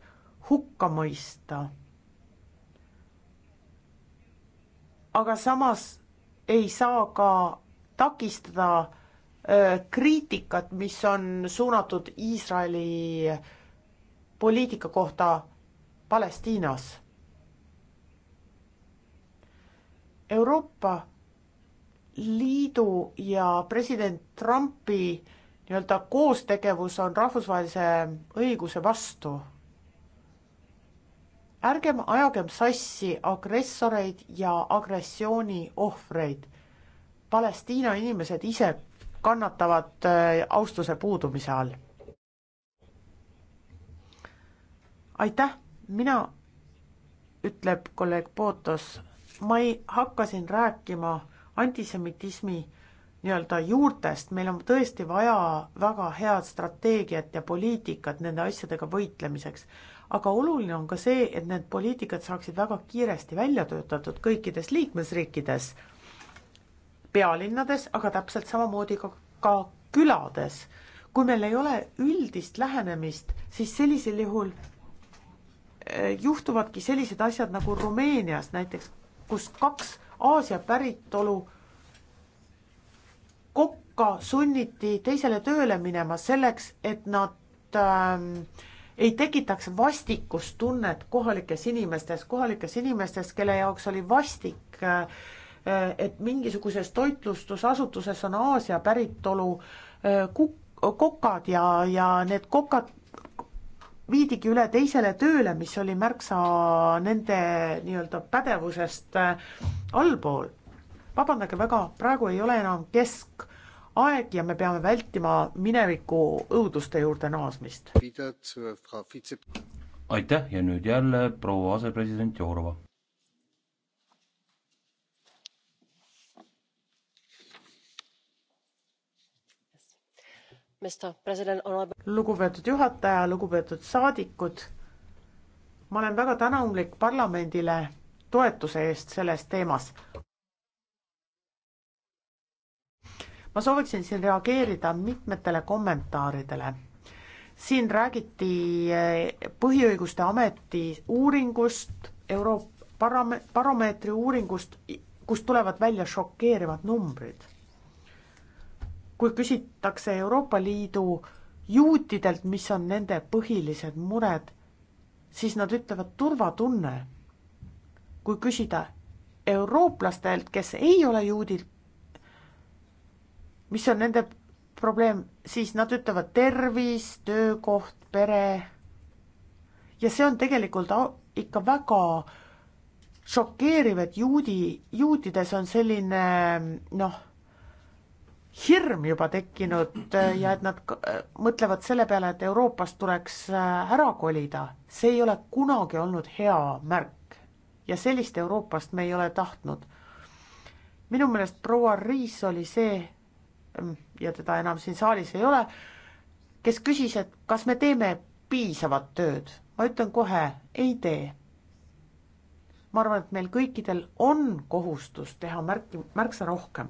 hukka mõista. aga samas ei saa ka takistada öö, kriitikat, mis on suunatud Iisraeli poliitika kohta Palestiinas. Euroopa Liidu ja president Trumpi nii-öelda koostegevus on rahvusvahelise õiguse vastu. ärgem ajagem sassi agressoreid ja agressiooni ohvreid. Palestiina inimesed ise kannatavad äh, austuse puudumise all. aitäh mina, ütleb kolleeg Pootos, ma ei hakka siin rääkima antisemitismi nii-öelda juurtest, meil on tõesti vaja väga head strateegiat ja poliitikat nende asjadega võitlemiseks. aga oluline on ka see, et need poliitikad saaksid väga kiiresti välja töötatud kõikides liikmesriikides, pealinnades, aga täpselt samamoodi ka, ka külades. kui meil ei ole üldist lähenemist, siis sellisel juhul Eh, juhtuvadki sellised asjad nagu Rumeenias näiteks, kus kaks Aasia päritolu kokka sunniti teisele tööle minema selleks, et nad ähm, ei tekitaks vastikustunnet kohalikes inimestes, kohalikes inimestes, kelle jaoks oli vastik äh, äh et mingisuguses toitlustusasutuses on Aasia päritolu äh, kukk, kokad ja, ja need kokad viidigi üle teisele tööle, mis oli märksa nende nii-öelda pädevusest äh, allpool. vabandage väga, praegu ei ole enam keskaeg ja me peame vältima mineviku õuduste juurde naasmist. Äh, aitäh ja nüüd jälle proua asepresident Jourova lugupeetud juhataja, lugupeetud saadikud. ma olen väga tänulik parlamendile toetuse eest selles teemas. ma sooviksin siin reageerida mitmetele kommentaaridele. siin räägiti eh, Põhiõiguste Ameti uuringust, Euroopa Baromeetri uuringust, kust tulevad välja šokeerivad numbrid kui küsitakse Euroopa Liidu juutidelt, mis on nende põhilised mured, siis nad ütlevad turvatunne. kui küsida eurooplastelt, kes ei ole juudid, mis on nende probleem, siis nad ütlevad tervis, töökoht, pere. ja see on tegelikult ikka väga šokeeriv, et juudi, juutides on selline noh hirm juba tekkinud äh, ja et nad äh, mõtlevad selle peale, et Euroopast tuleks äh, ära kolida, see ei ole kunagi olnud hea märk. ja sellist Euroopast me ei ole tahtnud. minu meelest proua Riis oli see, mm, ja teda enam siin saalis ei ole, kes küsis, et kas me teeme piisavat tööd. ma ütlen kohe, ei tee. ma arvan, et meil kõikidel on kohustus teha märki, märksa rohkem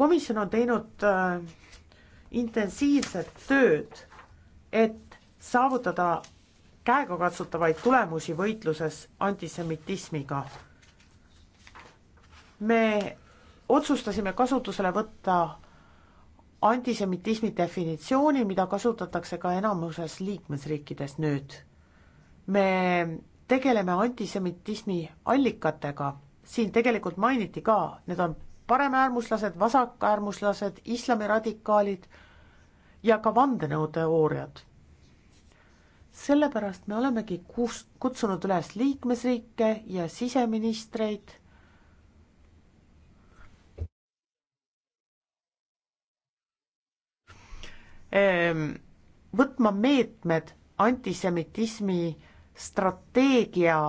komisjon on teinud äh, intensiivset tööd, et saavutada käegakatsutavaid tulemusi võitluses antisemitismiga. me otsustasime kasutusele võtta antisemitismi definitsiooni, mida kasutatakse ka enamuses liikmesriikides nüüd. me tegeleme antisemitismi allikatega, siin tegelikult mainiti ka, need on paremäärmuslased, vasakäärmuslased, islamiradikaalid ja ka vandenõuteooriad. sellepärast me olemegi kus-, kutsunud üles liikmesriike ja siseministreid ehm, võtma meetmed antisemitismi strateegia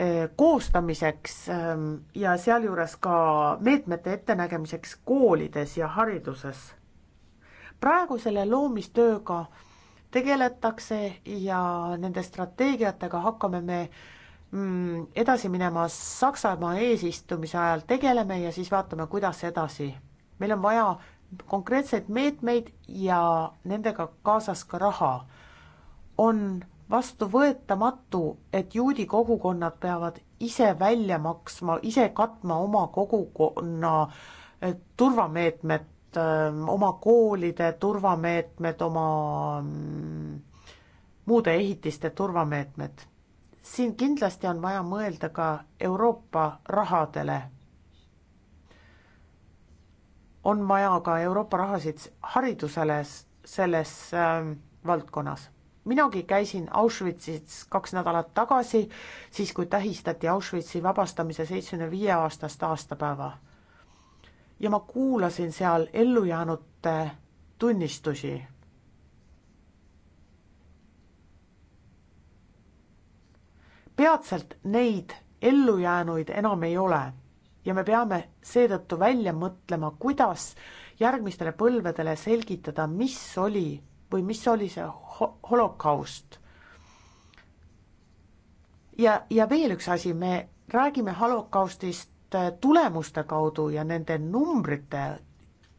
Äh, koostamiseks ähm, ja sealjuures ka meetmete ettenägemiseks koolides ja hariduses. praegu selle loomistööga tegeletakse ja nende strateegiatega hakkame me mm, edasi minema Saksamaa eesistumise ajal, tegeleme ja siis vaatame, kuidas edasi. meil on vaja konkreetseid meetmeid ja nendega kaasas ka raha. on vastuvõetamatu, et juudi kogukonnad peavad ise välja maksma, ise katma oma kogukonna eh, turvameetmed, eh, oma koolide turvameetmed, oma mm, muude ehitiste turvameetmed. siin kindlasti on vaja mõelda ka Euroopa rahadele. on vaja ka Euroopa rahasid haridusele selles eh, valdkonnas minagi käisin Auschwitzis kaks nädalat tagasi, siis kui tähistati Auschwitzi vabastamise seitsmekümne viie aastast aastapäeva. ja ma kuulasin seal ellujäänute tunnistusi. peatselt neid ellujäänuid enam ei ole ja me peame seetõttu välja mõtlema, kuidas järgmistele põlvedele selgitada, mis oli või mis oli see holokaust. ja, ja veel üks asi, me räägime holokaustist äh, tulemuste kaudu ja nende numbrite,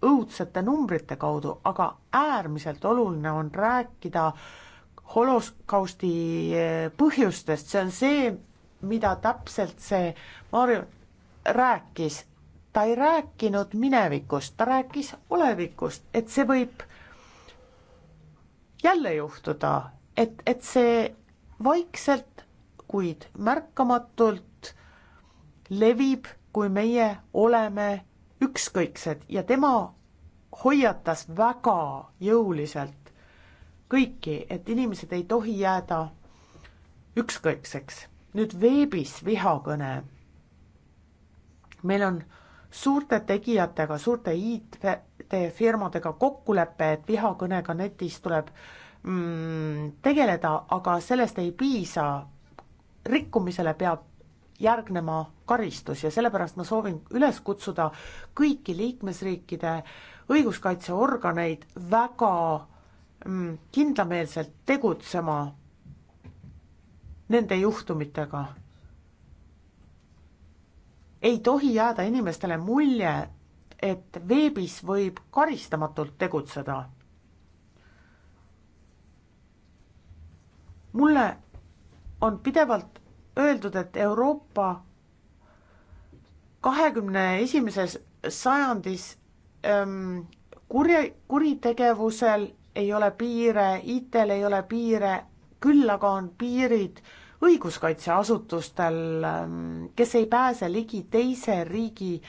õudsate numbrite kaudu, aga äärmiselt oluline on rääkida holokausti äh, põhjustest, see on see, mida täpselt see Marju rääkis, ta ei rääkinud minevikust, ta rääkis olevikust, et see võib jälle juhtuda, et, et see vaikselt, kuid märkamatult levib, kui meie oleme ükskõiksed ja tema hoiatas väga jõuliselt kõiki, et inimesed ei tohi jääda ükskõikseks. nüüd veebis vihakõne. meil on suurte tegijatega, suurte IT IT-firmadega kokkulepe, et vihakõnega netis tuleb mm, tegeleda, aga sellest ei piisa. rikkumisele peab järgnema karistus ja sellepärast ma soovin üles kutsuda kõiki liikmesriikide õiguskaitseorganeid väga mm, kindlameelselt tegutsema nende juhtumitega. ei tohi jääda inimestele mulje, et veebis võib karistamatult tegutseda. mulle on pidevalt öeldud, et Euroopa kahekümne esimeses sajandis ähm, kurje, kuritegevusel ei ole piire, IT-l ei ole piire, küll aga on piirid õiguskaitseasutustel, ähm, kes ei pääse ligi teise riigi äh,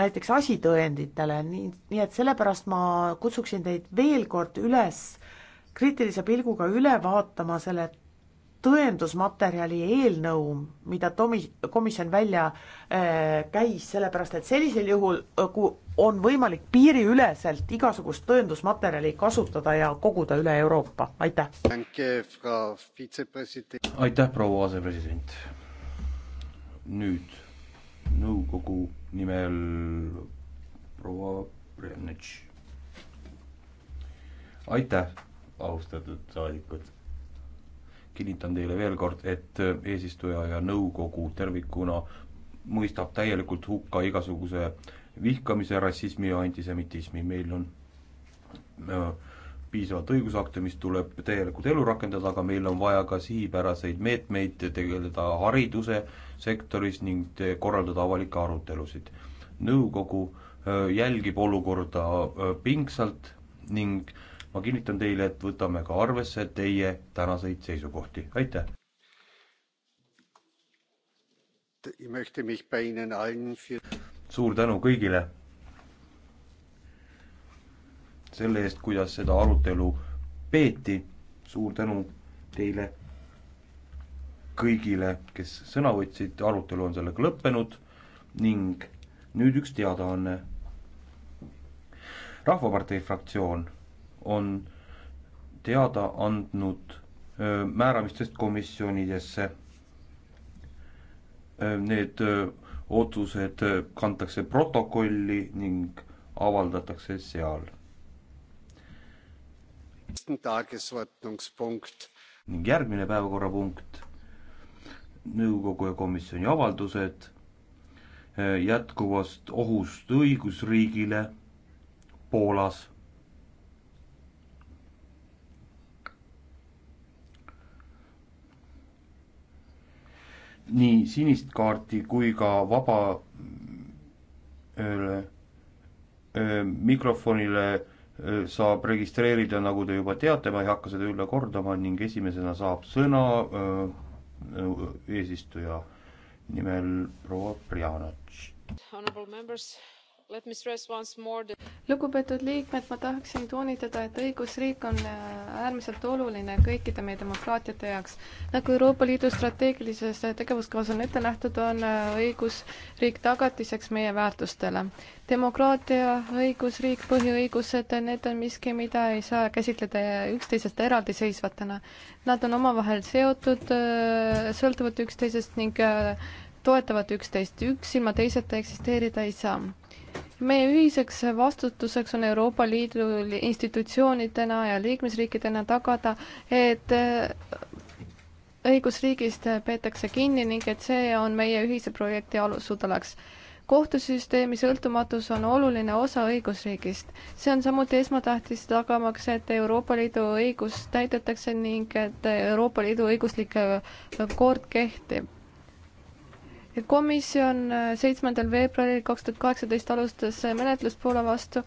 näiteks asitõenditele, nii, nii et sellepärast ma kutsuksin teid veel kord üles kriitilise pilguga üle vaatama selle tõendusmaterjali eelnõu, mida tomi-, komisjon välja äh, käis, sellepärast et sellisel juhul, äh, kui on võimalik piiriüleselt igasugust tõendusmaterjali kasutada ja koguda üle Euroopa, aitäh! aitäh, proua asepresident! nüüd nõukogu nimel proua Brennitš. aitäh, austatud saadikud. kinnitan teile veel kord, et eesistuja ja nõukogu tervikuna mõistab täielikult hukka igasuguse vihkamise, rassismi ja antisemitismi, meil on öö, äh, piisavalt õigusakte, mis tuleb täielikult ellu rakendada, aga meil on vaja ka sihipäraseid meetmeid, tegeleda hariduse sektoris ning korraldada avalikke arutelusid. nõukogu jälgib olukorda pingsalt ning ma kinnitan teile, et võtame ka arvesse teie tänaseid seisukohti, aitäh! suur tänu kõigile! selle eest, kuidas seda arutelu peeti, suur tänu teile kõigile, kes sõna võtsid, arutelu on sellega lõppenud ning nüüd üks teadaanne. rahvapartei fraktsioon on teada andnud öö, määramistest komisjonidesse. Need öö, otsused öö, kantakse protokolli ning avaldatakse seal ning järgmine päevakorrapunkt, nõukogu ja komisjoni avaldused äh, jätkuvast ohust õigusriigile Poolas. nii sinist kaarti kui ka vaba öö, öö, mikrofonile saab registreerida, nagu te juba teate, ma ei hakka seda üle kordama, ning esimesena saab sõna äh, äh, eesistuja nimel proua Prijanatš lugupeetud liikmed, ma tahaksin toonitada, et õigusriik on äh, äärmiselt oluline kõikide meie demokraatiate jaoks. nagu Euroopa Liidu strateegilises tegevuskavas on ette nähtud, on äh, õigusriik tagatiseks meie väärtustele. demokraatia, õigusriik, põhiõigused, need on miski, mida ei saa käsitleda äh, üksteisest eraldiseisvatena. Nad on omavahel seotud, sõltuvad üksteisest ning toetavad üksteist, üks ilma teiseta eksisteerida ei saa meie ühiseks vastutuseks on Euroopa Liidu institutsioonidena ja liikmesriikidena tagada, et äh, õigusriigist peetakse kinni ning et see on meie ühise projekti alusudalaks. kohtusüsteemi sõltumatus on oluline osa õigusriigist. see on samuti esmatähtis tagamaks, et Euroopa Liidu õigus täidetakse ning et Euroopa Liidu õiguslik äh, kord kehtib komisjon äh, seitsmendal veebruaril kaks tuhat kaheksateist alustas äh, menetlust Poola vastu.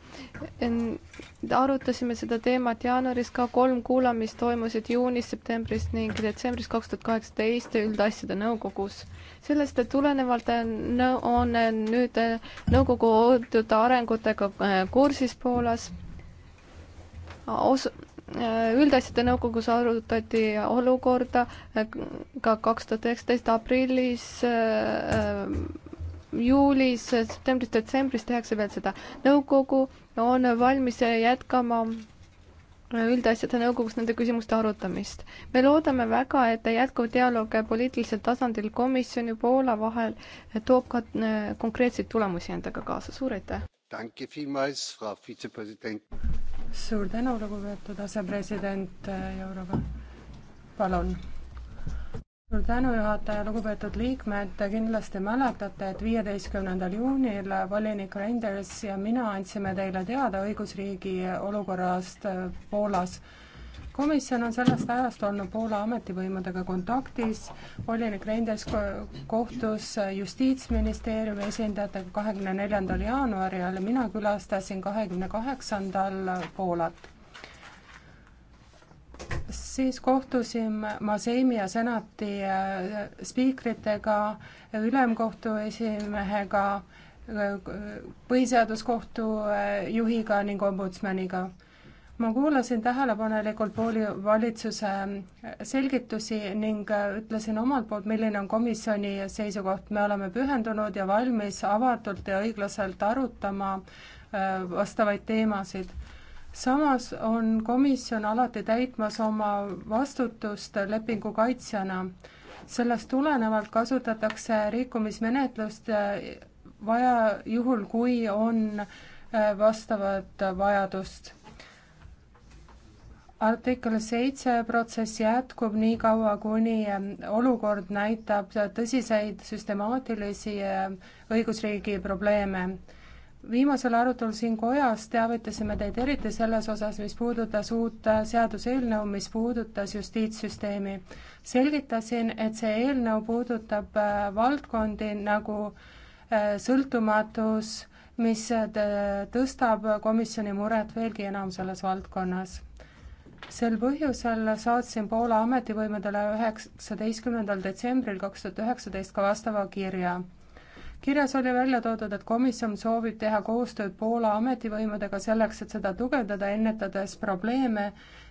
arutasime seda teemat jaanuaris ka, kolm kuulamist toimusid juunis, septembris ning detsembris kaks tuhat kaheksateist üldasjade nõukogus. sellest tulenevalt äh, on nüüd nõukogu oodatud arengutega kursis Poolas Os. Äh, üldasjade nõukogus arutati olukorda äh, ka kaks tuhat üheksateist aprillis, äh, juulis, septembris, detsembris tehakse veel seda. nõukogu on valmis jätkama üldasjade nõukogus nende küsimuste arutamist. me loodame väga, et jätkuv dialoog poliitilisel tasandil komisjoni Poola vahel toob ka konkreetseid tulemusi endaga kaasa. suur aitäh! suur tänu, lugupeetud asepresident äh, Jourova. palun suur tänu, juhataja, lugupeetud liikmed, te kindlasti mäletate, et viieteistkümnendal juunil volinik Reinders ja mina andsime teile teada õigusriigi olukorrast äh, Poolas komisjon on sellest ajast olnud Poola ametivõimudega kontaktis, volinik Reinders kohtus Justiitsministeeriumi esindajatega kahekümne neljandal jaanuaril, mina külastasin kahekümne kaheksandal Poolat. siis kohtusin Maseimi ja senati äh, spiikritega, ülemkohtu esimehega, äh, põhiseaduskohtu äh, juhiga ning ombudsmaniga ma kuulasin tähelepanelikult Pooli valitsuse äh, selgitusi ning äh, ütlesin omalt poolt, milline on komisjoni seisukoht. me oleme pühendunud ja valmis avatult ja õiglaselt arutama äh, vastavaid teemasid samas on komisjon alati täitmas oma vastutust lepingu kaitsjana. sellest tulenevalt kasutatakse rikkumismenetlust vaja, juhul kui on vastavat vajadust artikkel seitse protsess jätkub nii kaua, kuni ehm, olukord näitab tõsiseid süstemaatilisi ehm, õigusriigi probleeme. viimasel arutelul siin kojas teavitasime teid eriti selles osas, mis puudutas uut äh, seaduseelnõu, mis puudutas justiitssüsteemi. selgitasin, et see eelnõu puudutab äh, valdkondi nagu äh, sõltumatus, mis tõstab komisjoni muret veelgi enam selles valdkonnas sel põhjusel saatsin Poola ametivõimudele üheksateistkümnendal detsembril kaks tuhat üheksateist ka vastava kirja. kirjas oli välja toodud, et komisjon soovib teha koostööd Poola ametivõimudega selleks, et seda tugevdada, ennetades probleeme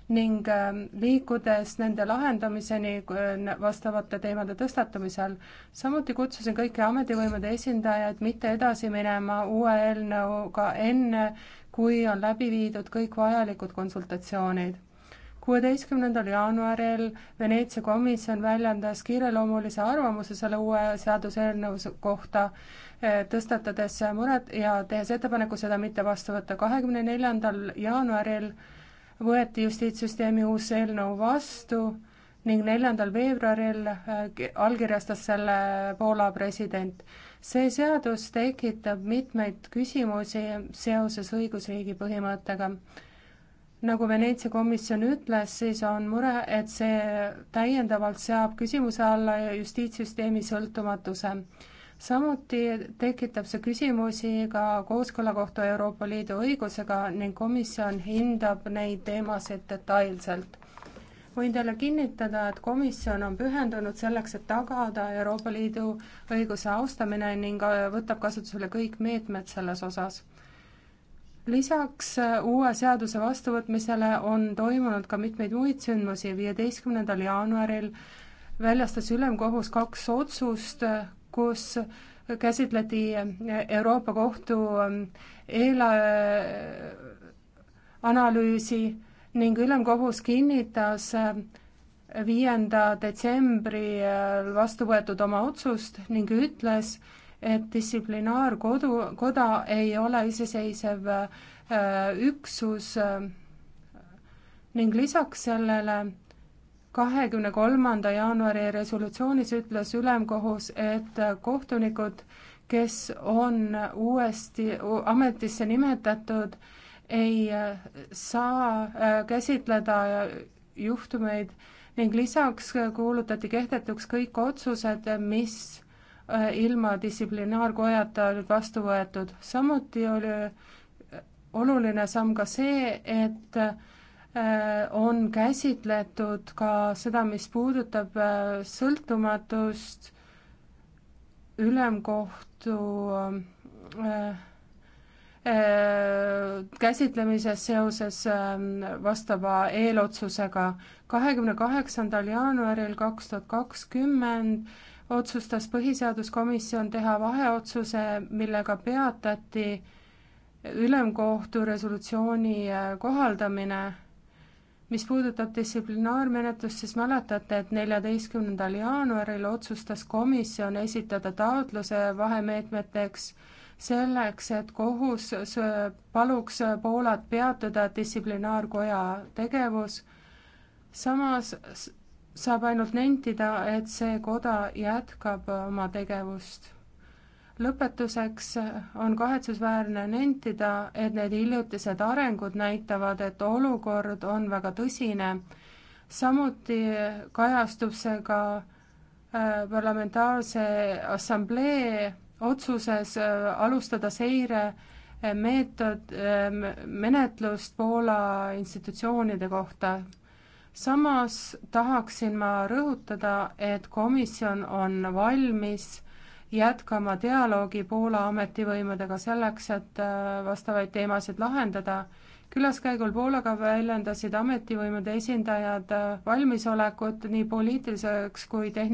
ning ähm, liikudes nende lahendamiseni äh, vastavate teemade tõstatamisel. samuti kutsusin kõiki ametivõimude esindajaid mitte edasi minema uue eelnõuga enne, kui on läbi viidud kõik vajalikud konsultatsioonid kuueteistkümnendal jaanuaril Veneetsia komisjon väljendas kiireloomulise arvamuse selle uue seaduseelnõu kohta, eh, tõstatades muret ja tehes ettepaneku seda mitte vastu võtta. kahekümne neljandal jaanuaril võeti justiitssüsteemi uus eelnõu vastu ning neljandal veebruaril eh, allkirjastas selle Poola president. see seadus tekitab mitmeid küsimusi seoses õigusriigi põhimõttega nagu Veneetsia komisjon ütles, siis on mure, et see täiendavalt seab küsimuse alla justiitssüsteemi sõltumatuse. samuti tekitab see küsimusi ka kooskõla kohta Euroopa Liidu õigusega ning komisjon hindab neid teemasid detailselt. võin teile kinnitada, et komisjon on pühendunud selleks, et tagada Euroopa Liidu õiguse austamine ning võtab kasutusele kõik meetmed selles osas lisaks äh, uue seaduse vastuvõtmisele on toimunud ka mitmeid muid sündmusi, viieteistkümnendal jaanuaril väljastas ülemkohus kaks otsust, äh, kus käsitleti äh, Euroopa Kohtu ähm, eela-, analüüsi ning ülemkohus kinnitas viienda detsembril vastu võetud oma otsust ning ütles, et distsiplinaarkodu, koda ei ole iseseisev äh, üksus äh, ning lisaks sellele kahekümne kolmanda jaanuari resolutsioonis ütles ülemkohus, et kohtunikud, kes on uuesti ametisse nimetatud, ei äh, saa käsitleda juhtumeid ning lisaks kuulutati kehtetuks kõik otsused, mis Eh, ilma distsiplinaarkojata vastu võetud. samuti oli oluline samm ka see, et eh, on käsitletud ka seda, mis puudutab eh, sõltumatust, ülemkohtu käsitlemises seoses vastava eelotsusega. kahekümne kaheksandal jaanuaril kaks tuhat kakskümmend otsustas põhiseaduskomisjon teha vaheotsuse, millega peatati ülemkohtu resolutsiooni äh, kohaldamine. mis puudutab distsiplinaarmenetlust, siis mäletate, et neljateistkümnendal jaanuaril otsustas komisjon esitada taotluse vahemeetmeteks selleks, et kohus paluks Poolat peatada distsiplinaarkoja tegevus. samas saab ainult nentida, et see koda jätkab oma tegevust. lõpetuseks on kahetsusväärne nentida, et need hiljutised arengud näitavad, et olukord on väga tõsine. samuti kajastub see ka äh, parlamentaarse assamblee otsuses äh, alustada seire äh, meetod, menetlust Poola institutsioonide kohta samas tahaksin ma rõhutada, et komisjon on valmis jätkama dialoogi Poola ametivõimudega selleks, et äh, vastavaid teemasid lahendada. külaskäigul Poolaga väljendasid ametivõimude esindajad äh, valmisolekut nii poliitiliseks kui tehniliseks